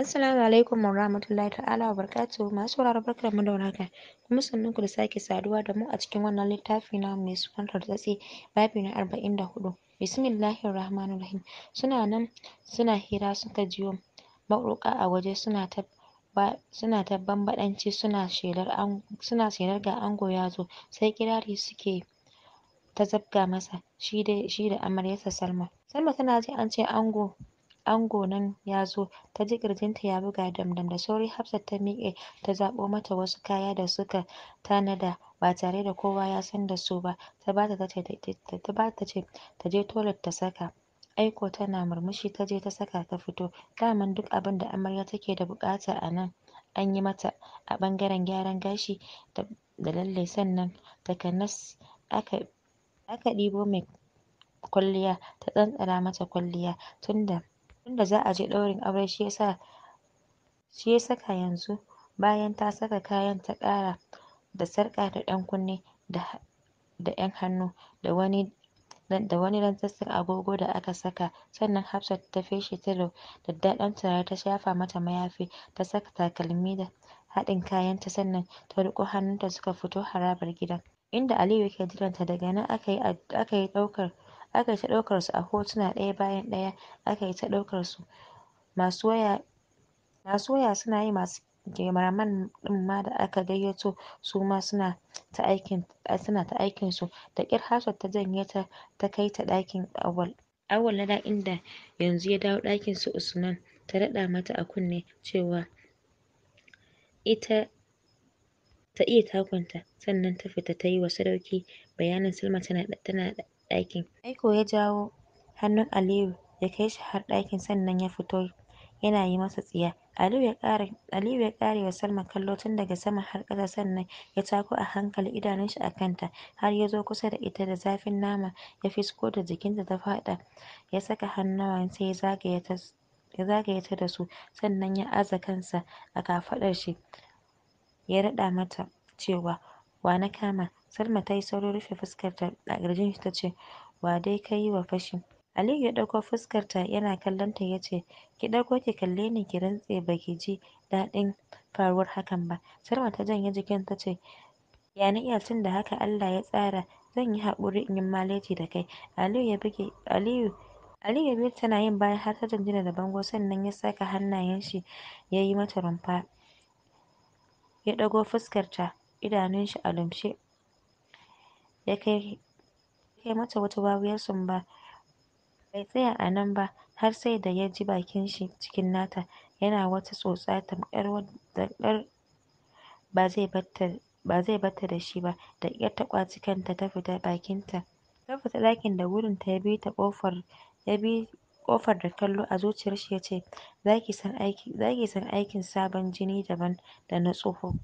Assalamu alaikum wa rahmatullahi ta'ala wa barakatuhu masu sauraro barkar mu da warhaka kuma ku da sake saduwa da mu a cikin wannan littafi na mai sunan tartsatsi babi na arba'in da hudu bismillahir rahim suna nan suna hira suka jiyo maƙoƙa a waje suna ta ba suna ta bambaɗanci suna shelar an suna shelar ga ango ya zo sai kirari suke ta zabga masa shi da shi da amaryarsa Salma Salma tana ji an ce ango ango nan ya zo ta ji ƙirjinta ya buga damdam da sauri Hafsat ta miƙe ta zaɓo mata wasu kaya da suka tanada ba tare da kowa ya san da su ba ta bata ta ce ta je toilet ta saka aiko tana murmushi ta je ta saka ta fito daman duk abin da amarya take da buƙata a nan an yi mata a ɓangaren gyaran gashi da lalle sannan takanas aka ɗibo mai kwalliya ta tsantsara mata kwalliya tunda tunda da za a je ɗaurin aure shi ya shi ya saka yanzu bayan ta saka kayan ta ƙara da sarƙa da ɗan kunne da da ƴan hannu da wani da wani agogo da aka saka sannan Hafsat ta feshe tilo daɗin turare ta shafa mata mayafi ta saka takalmi da haɗin kayan ta sannan ta riƙo hannunta suka fito harabar gidan inda Aliyu yake jiranta daga nan aka yi ɗaukar Aka yi ta ɗaukar su a hotuna ɗaya bayan ɗaya, aka ta ɗaukar su. Masu waya, masu waya suna yi masu cameraman ɗin ma da aka gayyato su ma suna ta aikin, suna ta su Da ƙyar Hafsat ta janye ta ta kai ta ɗakin Auwal. Auwal na da inda yanzu ya dawo ɗakin su Usman ta daɗa mata a kunne cewa ita ta iya takunta sannan ta fita ta yi wa Sadauki bayanin Salma tana, tana ɗakin. Aiko ya jawo hannun Aliyu ya kai shi har ɗakin sannan ya fito yana yi masa tsiya. Aliyu ya ƙara Aliyu ya wa Salma kallo tun daga sama har ƙasa sannan ya tako a hankali shi a kanta har ya zo kusa da ita da zafin nama ya fisko da jikinta ta faɗa ya saka sai ya zagaye ta ya zagaye ta da su sannan ya aza kansa a kafaɗar shi ya raɗa mata cewa "wa na kama?" Salma ta yi saurin rufe fuskarta a shi ta ce, Wa dai ka yi wa fashi? Aliyu ya ɗauko fuskarta yana kallonta ya ce, Ki ɗauko ki kalle ni ki rantse ba ki ji daɗin faruwar hakan ba. Salma ta janye jikin ta ce, Ya ni iya da haka Allah ya tsara zan yi haƙuri in yi maleji da kai. Aliyu ya buge Aliyu Aliyu ya tana yin bayan har ta jinjina da bango sannan ya saka hannayen shi ya yi mata rumfa. Ya ɗago fuskarta idanun shi a lumshe. ya kai kai mata wata wawiyar sumba. Bai tsaya a nan ba har sai da ya ji bakin shi cikin nata yana wata tsotsa tamkar wadda tamkar ba zai ba zai barta da shi ba. Da ƙyar ta ƙwace kanta ta fita bakin ta. Ta fita ɗakin da wurin ta ya bi ta ƙofar ya bi ƙofar da kallo a zuciyar shi ya ce za ki san aiki san aikin sabon jini daban da na tsoho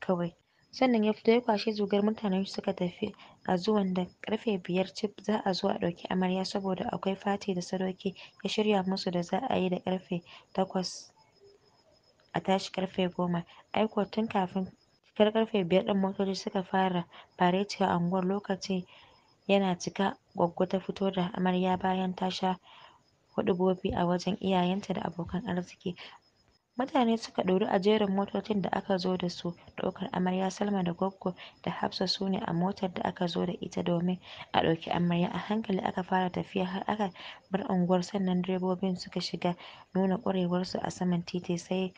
kawai. sannan ya fito ya kwashe zugar mutanen shi suka tafi a zuwan da karfe biyar cif za a zo a ɗauki amarya saboda akwai fati da sadauki ya shirya musu da za a yi da karfe takwas a tashi karfe goma ai kuwa tun kafin cikar karfe biyar ɗin motoci suka fara fareti a unguwar lokaci yana cika gwaggo ta fito da amarya bayan ta sha huɗubobi a wajen iyayenta da abokan arziki Mutane suka ɗori a jerin motocin da aka zo da su ɗaukar amarya Salma da Goggo da Hafsat su ne a motar da aka zo da ita domin a ɗauki amarya. A hankali aka fara tafiya har aka bar unguwar sannan direbobin suka shiga nuna ƙwarewarsu a saman titi sai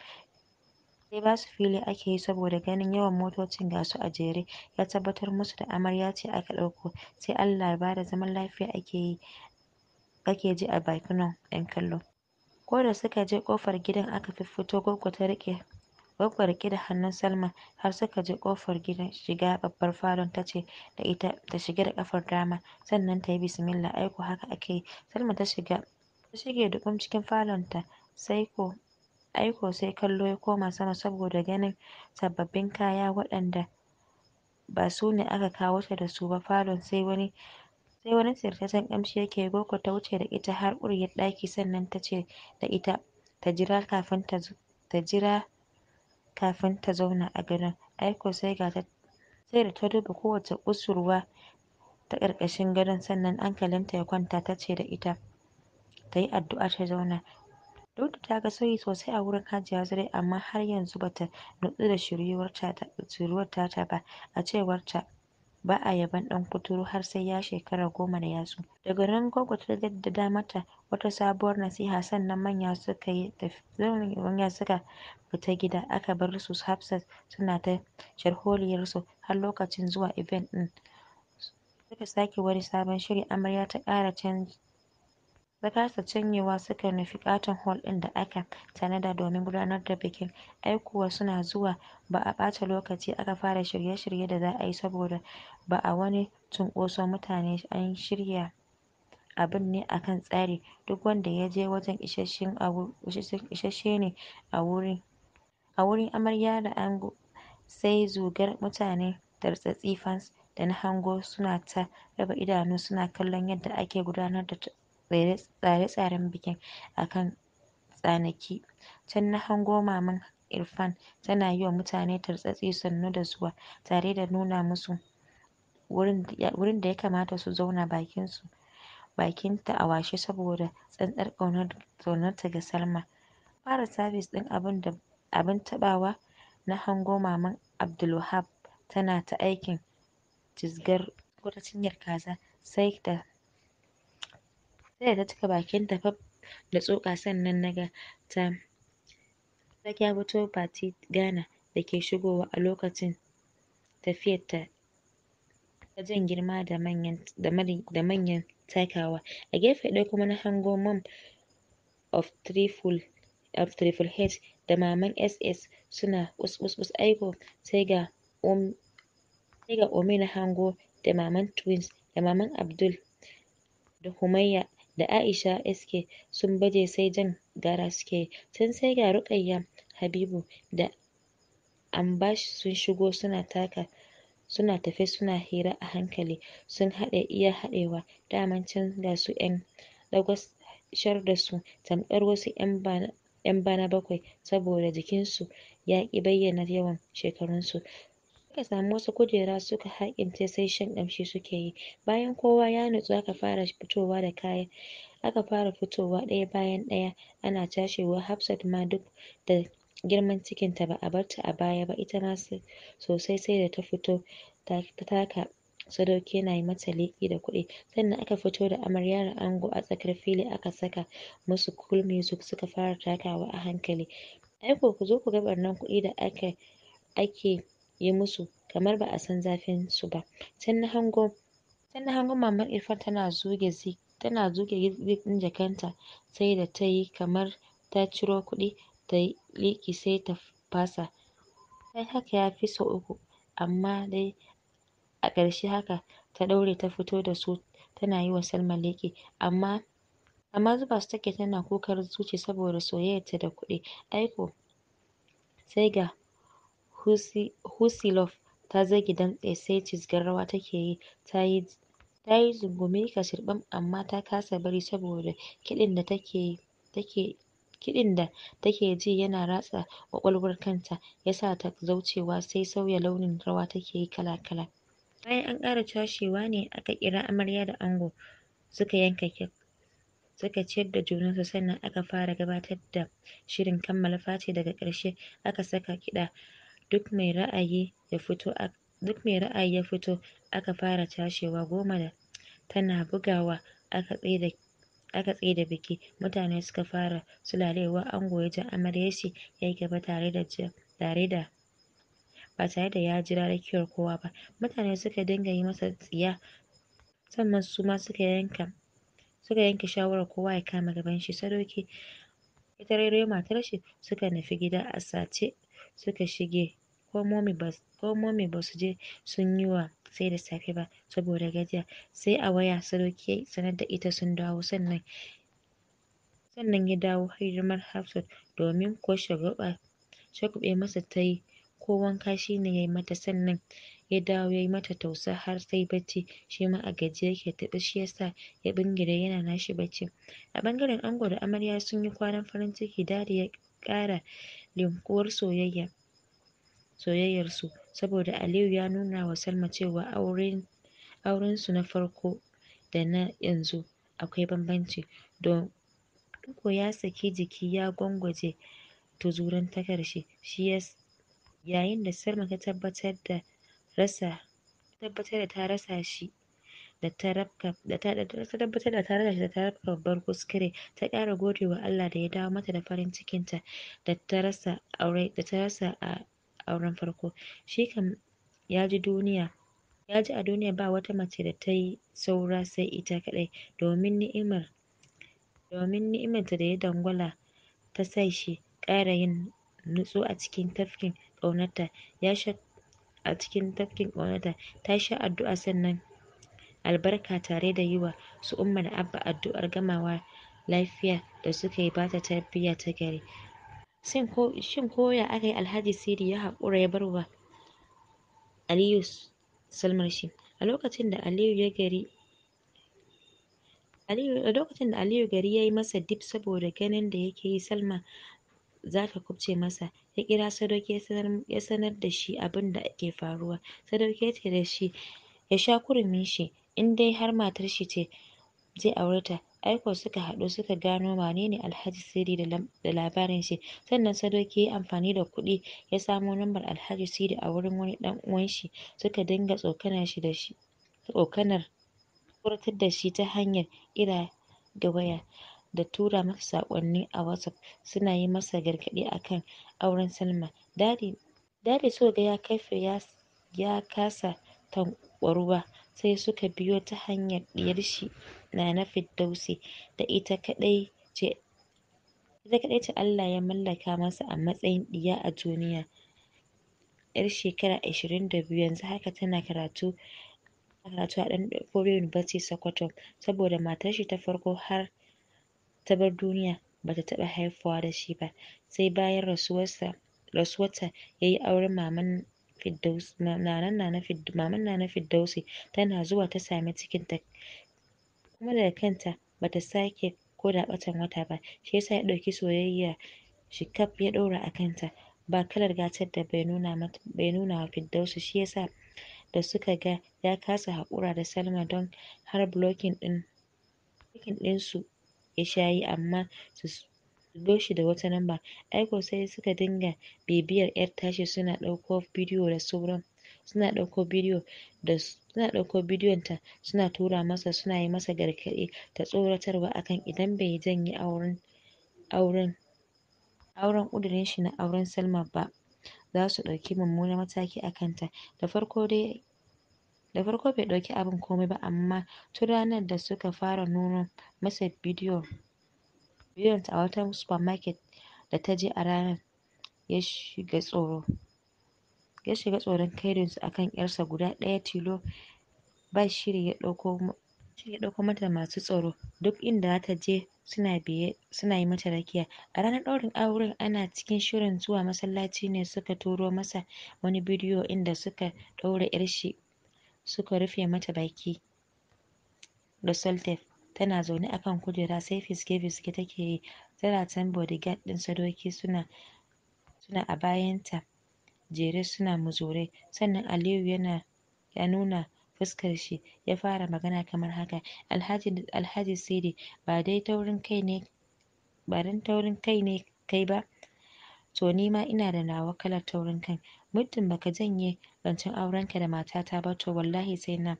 ba su fili ake yi saboda ganin yawan motocin ga su a jere ya tabbatar musu da amarya ce aka ɗauko, sai Allah ya ba da zaman lafiya ake yi ji a bakunan ƴan kallo. Ko da suka je kofar gidan aka fiffito Goggo ta rike Goggo rike da hannun Salma har suka je kofar gidan shiga babbar falon ta ce da ita ta shige da kafar dama, sannan ta yi bismillah, ai ko haka ake yi. Salma ta shiga ta shige duƙum cikin falon ta, sai ko ai ko sai kallo ya koma sama saboda ganin sababbin kaya waɗanda ba su ne aka kawo ta da su ba falon sai wani sai wani sirtaccen kamshi yake Goggo ta wuce da ita har ƙuryar ɗaki sannan ta ce da ita ta jira kafin ta ta jira kafin ta zauna a gadon. aiko sai ga ta sai da ta duba kowace kusurwa ta ƙarƙashin gadon sannan hankalinta ya kwanta ta ce da ita ta yi addu'a ta zauna. Dauda ta ga sauyi sosai a wurin Hajiya Zure amma har yanzu ba ta nutsu da shiryuwar ta ba a cewarta ba a yaban ɗan kuturu har sai ya shekara goma da yatsu. Daga nan gwaggo ta jaddada mata wata sabuwar nasiha sannan manya suka yi manya suka fita gida aka bar su Hafsat suna ta sharholiyarsu har lokacin zuwa event ɗin. Suka sake wani sabon shiri amarya ta ƙara canji. ta kasa janyewa suka nufi ƙaton hol ɗin da aka tanada domin gudanar da bikin, aikuwa suna zuwa ba a ɓata lokaci aka fara shirye-shirye da za a yi saboda ba a wani cunkoson mutane an shirya abin ne a kan tsari, duk wanda ya je wajen isasshe ne a wurin. A wurin amarya da ango sai zugar mutane tartsatsi fans da na hango suna ta raba idanu suna kallon yadda ake gudanar da tsare-tsaren bikin a kan tsanaki. Can na hango Maman Irfan tana yi wa mutane tartsatsi sannu da zuwa tare da nuna musu wurin da ya kamata su zauna bakin ta a washe saboda tsantsar ta ga Salma. Fara sabis ɗin abin taɓawa na hango Maman Abdulwahab tana ta aikin cizgar gwarzanciyar kaza sai da sai ta cika bakinta fab da tsoka sannan na ga ta ta fito Fati Ghana da ke shigowa a lokacin tafiyarta ta jan girma da manyan da manyan takawa a gefe ɗaya kuma na hango mom of triple of triple H da maman SS suna ƙusƙus aiko sai ga um sai ga Ome na hango da maman twins da maman Abdul da Humayya da Aisha SK sun baje sai jan gara suke yi can sai ga rukayya Habibu da Ambash sun shigo suna taka suna tafe suna hira a hankali sun haɗe iya haɗewa daman can ga su ƴan dagwashar da su tamkar wasu ƴan bana ƴan bana bakwai saboda jikinsu ya ƙi bayyana yawan shekarunsu suka samu wasu kujera suka haƙince sai shan ƙamshi suke yi bayan kowa ya nutsu aka fara fitowa da kaya aka fara fitowa ɗaya bayan ɗaya ana cashewa Hafsat ma duk da girman cikinta ba a barta a baya ba ita ma sosai sai da ta fito ta taka sadauki yana yi mata leƙi da kuɗi sannan aka fito da amaryar ango a tsakar fili aka saka musu cool music suka fara takawa a hankali ai ku zo ku ga ɓarnar kuɗi da aka ake yi musu kamar ba a san zafin su ba sai na hango sai na hango mamar Irfan tana zuge zig tana zuge jakanta sai da tayi kamar ta ciro kuɗi ta liƙi sai ta fasa sai haka ya fi sau uku amma dai a ƙarshe haka ta ɗaure ta fito da su tana yi wa Salma liki amma amma zuba su take tana kukar zuci saboda soyayyarta da kuɗi ai sai ga Huslov ta zagi dantse sai cizgar rawa take yi, ta yi zungumi kashirɓan amma ta kasa bari saboda kiɗin da take ji yana ratsa ƙwaƙwalwar kanta ya sa ta zaucewa sai sauya launin rawa take yi kala-kala. Bayan an ƙara cashewa ne aka kira amarya da ango suka yanka kek, suka ciyar da junansu sannan aka fara gabatar da shirin kammala fati daga ƙarshe aka saka kiɗa. duk mai ra'ayi ya fito aka fara cashewa goma da tana bugawa aka tsaida aka biki mutane suka fara sulalewa ango ya ja amaryarshi ya yi gaba tare da tare da ba tare da ya jira rakiyar kowa ba mutane suka dinga yi masa tsiya sannan su ma suka yanka suka yanke shawarar kowa ya kama gaban shi sadoki ita rere matar shi suka nufi gida a sace suka shige ko momi ba ko je sun yi wa sai da safe ba saboda gajiya sai a waya su ya sanar da ita sun dawo sannan sannan ya dawo hidimar Hafsat domin ko shagwaɓa shagwaɓe masa ta yi ko wanka shi ne ya yi mata sannan ya dawo ya yi mata tausa har sai bacci shi ma a gajiye yake taɓa shi ya sa ya bingire yana nashi bacci a bangaren ango da amarya sun yi kwanan farin ciki dariya ya ƙara linkuwar soyayya soyayyarsu saboda Aliyu ya nuna wa Salma cewa auren aurensu na farko da na yanzu akwai bambanci don ko ya saki jiki ya gwangwaje tuzurantakar shi shi yayin da Salma ta tabbatar da rasa tabbatar da ta rasa shi da ta rabka da ta tabbatar da ta rasa shi da ta babbar kuskure ta ƙara gode wa Allah da ya dawo mata da farin cikinta da ta rasa aure da ta rasa a auren farko shi kam ya ji duniya ya a duniya ba wata mace da ta yi saura sai ita kaɗai domin ni'imar domin ni'imarta da ya dangwala ta sa shi ƙara yin nutso a cikin tafkin ƙaunarta ya sha a cikin tafkin ƙaunarta ta sha addu'a sannan albarka tare da yiwa su Umma da Abba addu'ar gamawa lafiya da suka yi ba ta tarbiyya ta gari. shin ko ya aka yi alhaji sidi ya haƙura ya wa aliyu salmar shi a lokacin da aliyu ya gari a lokacin da aliyu gari ya yi masa dip saboda ganin da yake yi salma za ta kubce masa ya kira sadauki ya sanar da shi abin da ke faruwa sadauki ya ce da shi ya sha kurumin shi in dai har matar shi ce zai aurata. aiko suka haɗu suka gano wanene Alhaji Sidi da labarin shi sannan Sadauki yayi amfani da kuɗi ya samo lambar Alhaji Sidi a wurin wani ɗan uwan shi suka dinga tsokanan shi da shi tsokanar tsoratar da ta hanyar ƙira da waya da tura masa saƙonni a WhatsApp suna yi masa gargaɗi akan auren Salma. Dadi Dadi suka ga ya kaife ya ya kasa tanƙwaruwa sai suka biyo ta hanyar ɗiyar shi Nana Firdausi da ita kaɗai ce ita kaɗai ce Allah ya mallaka masa a matsayin ɗiya a duniya. ‘Yar shekara ashirin da biyu yanzu haka tana karatu karatu a ɗan Fodiyo University Sokoto saboda matar shi ta farko har ta bar duniya bata ta taɓa haihuwa da shi ba sai bayan rasuwarsa rasuwarta ya yi auren maman Firdausi maman Nana Firdausi tana zuwa ta sami ta kuma daga kanta ba ta sake ko da wata ba shi yasa ya ɗauki soyayya shi kaf ya ɗaura a kanta ba kalar gatar da bai nuna mata bai nuna wa fiddausu shi yasa da suka ga ya kasa haƙura da Salma don har blocking ɗin blocking ɗinsu ya sha yi amma su biyo shi da wata namba aiko sai suka dinga bibiyar 'yar tashi suna ɗauko bidiyo da sauran suna ɗauko bidiyo da suna ɗauko ta suna tura masa suna yi masa gargaɗi da tsoratarwa akan idan bai janye auren auren auren ƙudurin shi na auren Salma ba za su ɗauki mummunan mataki a kanta da farko dai da farko bai ɗauki abin komai ba amma tun ranar da suka fara nuno masa bidiyo ta a wata supermarket da ta je a ranar ya shiga tsoro. ya shiga tsoron kairinsu akan kan ‘yarsa guda ɗaya tilo ba shiri ya ɗauko ya ɗauko mata masu tsaro duk inda za ta je suna biye suna yi mata rakiya a ranar ɗaurin auren ana cikin shirin zuwa masallaci ne suka turo masa wani bidiyo inda suka ɗaura ‘yar shi suka rufe mata baki da sellotape tana zaune a kan kujera sai fiske-fiske take yi tana can ɗin sadoki suna suna a bayanta jere suna muzurai sannan Aliyu yana ya nuna fuskar shi ya fara magana kamar haka Alhaji Alhaji Sidi ba dai taurin kai ne ba dan taurin kai ne kai ba to nima ina da nawa kalar taurin kai muddin baka janye zancen aurenka da matata ba to wallahi sai na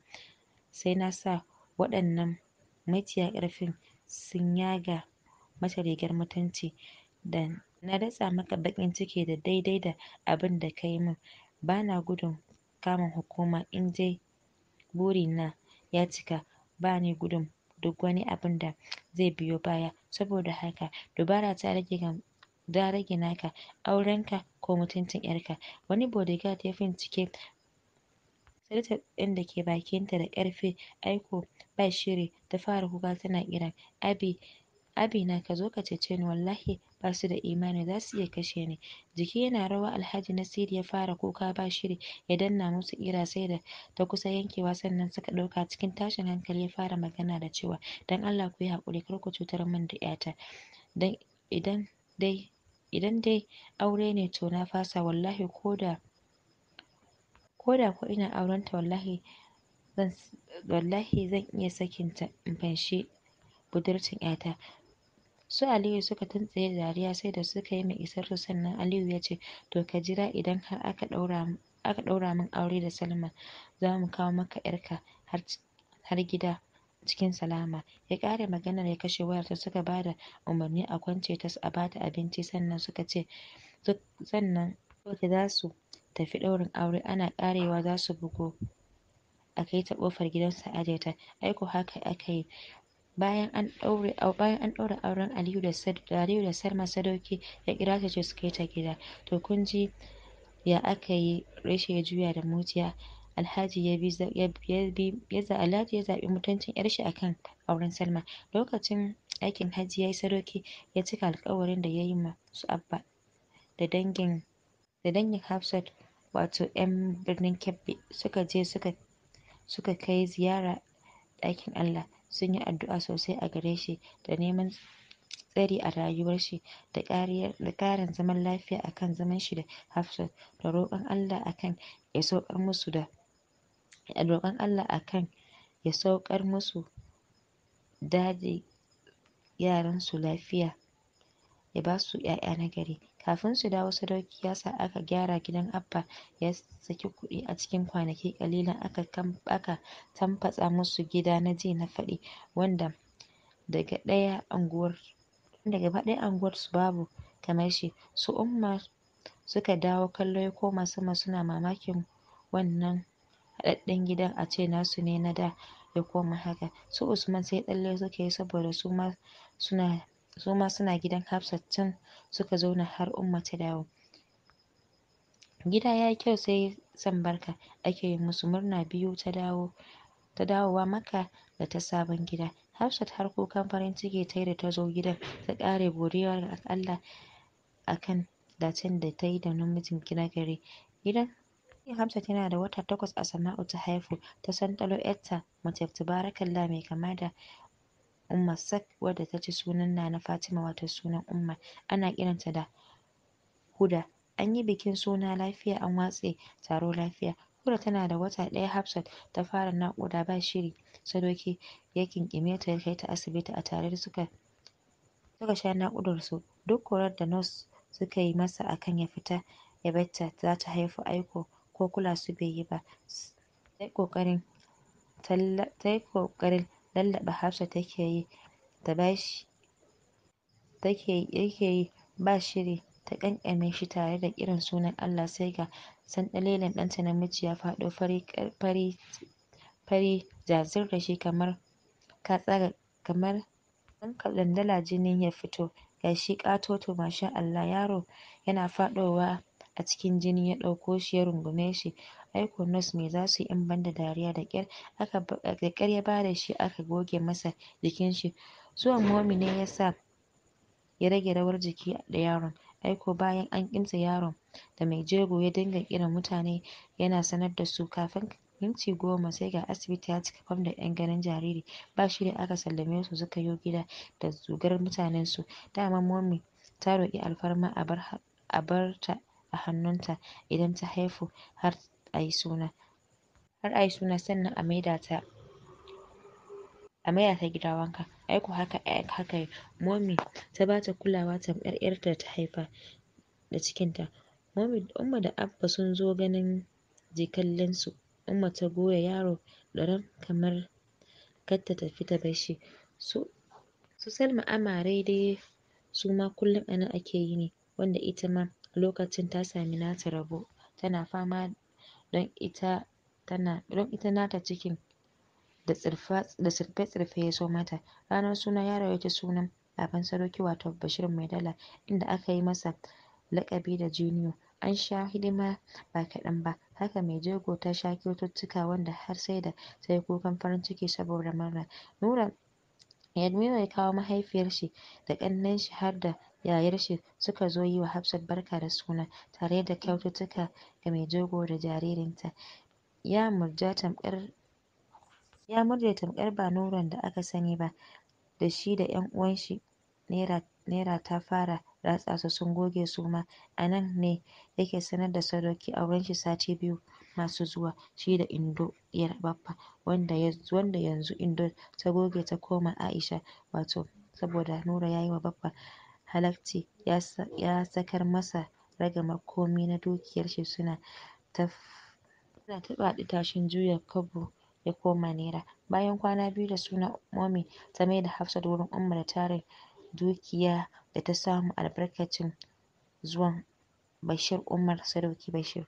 sai na sa waɗannan maciya ƙarfin sun yaga mata rigar mutunci da Na datsa maka baƙin ciki da daidai da abin da ka yi min. Ba gudun kamun hukuma in dai burina ya cika. bani gudun duk wani abin da zai biyo baya. Saboda haka, dubara ta rage gam ta rage naka, aurenka ko mutuncin 'yarka. Wani bodyguard ya fincike silitar ɗin da ke bakinta da karfe aiko ba shiri ta fara kuka tana kiran, "Abi, Abina ka zo ka cece ni wallahi." ba da imani za su iya kashe ni jiki yana rawa alhaji nasiru ya fara kuka ba shiri ya danna musu kira sai da ta kusa yankewa sannan suka ɗauka cikin tashin hankali ya fara magana da cewa dan Allah ku yi haƙuri kar ku cutar min da 'yata dan idan dai idan dai aure ne to na fasa wallahi ko da ko ina aurenta wallahi zan wallahi zan iya sakinta in fanshi budurcin ƴata Su Aliyu suka tuntsaye da dariya sai da suka yi mai isar su sannan Aliyu ya ce, To ka jira idan har aka ɗaura min aure da Salma, za mu kawo maka ‘yarka har gida cikin salama. Ya ƙare maganar ya kashe ta suka bada da umarni a kwance ta a bata abinci sannan suka ce sannan za su tafi ɗaurin aure ana ƙarewa za su bugo a kai ta ƙofar gidan su a ta. Ai ko haka aka yi. bayan an ɗaure bayan an ɗaura auren Aliyu da Aliyu da Salma Sadauki ya kira ta ce su kai ta gida to kun ji ya aka yi rashin ya juya da mujiya Alhaji ya bi ya bi ya Alhaji ya zaɓi mutuncin ƴar shi akan auren Salma lokacin aikin Hajji yayi Sadauki ya cika alƙawarin da yayi ma su Abba da dangin da dangin Hafsat wato ƴan birnin Kebbi suka je suka suka kai ziyara ɗakin Allah sun yi addu'a sosai a gare shi da neman tsari a rayuwar shi da ƙarin zaman lafiya akan zaman shi da Hafsat da roƙon Allah akan ya saukar musu da roƙon Allah akan ya saukar musu daji yaran su lafiya ya ba su ‘ya'ya na gari kafin su dawo sadauki ya sa aka gyara gidan abba ya saki kuɗi a cikin kwanaki ƙalilan aka aka tamfatsa musu gida na ji na faɗi wanda daga ɗaya anguwar gaba ɗaya anguwar su babu kamar shi su umma suka dawo kallo ya koma sama suna mamakin wannan haɗaɗɗen gidan a ce nasu ne na da ya koma haka su usman sai tsalle suke yi saboda su ma suna su suna gidan Hafsat can suka zauna har Umma ta dawo. Gida ya yi kyau sai san barka ake yi musu murna biyu ta dawo ta dawowa maka da ta sabon gida. Hafsat har kukan farin ciki ta yi da ta zo gidan ta ƙare godiya ga Allah akan kan dacen da ta yi da namijin na gari. Gidan Hafsat yana da wata takwas a Asma'u ta haihu ta san ‘yarta mace Tabarakallah mai kama da Umma Sak wadda ta ci sunan Nana Fatima wato sunan Umma ana kiranta da Huda. An yi bikin suna lafiya an watse taro lafiya. Huda tana da wata ɗaya Hafsat ta fara naƙuda ba shiri. Sadoki ya kinkime ta ya kai ta asibiti a tare suka suka sha su Duk korar da nos suka yi masa a kan ya fita ya barta za ta haifi aiko ko kula su bai yi ba. Ta yi ƙoƙarin ta yi lallaɓa Hafsat take yi ta bashi take yake yi ba shiri ta ƙanƙame shi tare da kiran sunan Allah sai ga sanɗalelen ɗanta namiji ya faɗo fari fari fari jazir da shi kamar ka tsaga kamar dandala jini ya fito ga shi ƙatoto masha Allah yaro yana faɗowa a cikin jini ya ɗauko shi ya rungume shi aikon nos me za su yi in ban da dariya da ƙyar aka da ƙyar ya ba da shi aka goge masa jikin shi. Zuwan Momi ne ya sa ya rage rawar jiki da yaron. aiko bayan an ƙimtsa yaron da mai jego ya dinga kiran mutane yana sanar da su kafin minti goma sai ga asibiti ya cika fam da 'yan ganin jariri. Ba shi da aka sallame su suka yo gida da zugar mutanen su. Dama Momi ta roƙi alfarma a bar a bar ta a hannun idan ta haihu har ayi suna har ayi suna sannan a maida ta a maida ta gida wanka ai ko haka haka mummy ta bata kulawa tamkar ƴar da ta haifa da cikinta mummy Umma da Abba sun zo ganin jikallinsu Umma ta goya yaro ran kamar kar ta tafi ta bar shi su su Salma amare dai su ma kullum a nan ake yi ne, wanda ita ma lokacin ta sami nata rabo tana fama don ita tana don ita nata cikin da tsirfa da tsirfe-tsirfe ya zo mata. Ranar suna ya rawaita sunan baban Sadauki wato Bashir Maidala inda aka yi masa laƙabi da Junior. An sha hidima ba kaɗan ba, haka mai jego ta sha kyaututtuka wanda har sai da ta yi kukan farin ciki saboda murna. Nura Yadmila ya kawo mahaifiyar shi da ƙannen shi har da yayar shi suka zo yi wa Hafsat barka da suna tare da kyaututtuka ga mai jego da jaririnta ya murja tamkar ya murje tamkar ba nuran da aka sani ba da shi da ƴan uwan shi naira naira ta fara ratsa su sun goge su ma a nan ne yake sanar da sadauki auren shi sati biyu masu zuwa shi da Indo ɗiyar baffa wanda wanda yanzu Indo ta goge ta koma Aisha wato saboda Nura yayi wa baffa halacci ya sakar masa ragamar komai na dukiyar shi suna suna ta tashin juya kobo ya koma naira. Bayan kwana biyu da suna momi ta maida Hafsat wurin Umma da tarin dukiya da ta samu albarkacin zuwan Bashir Umar Sadauki Bashir.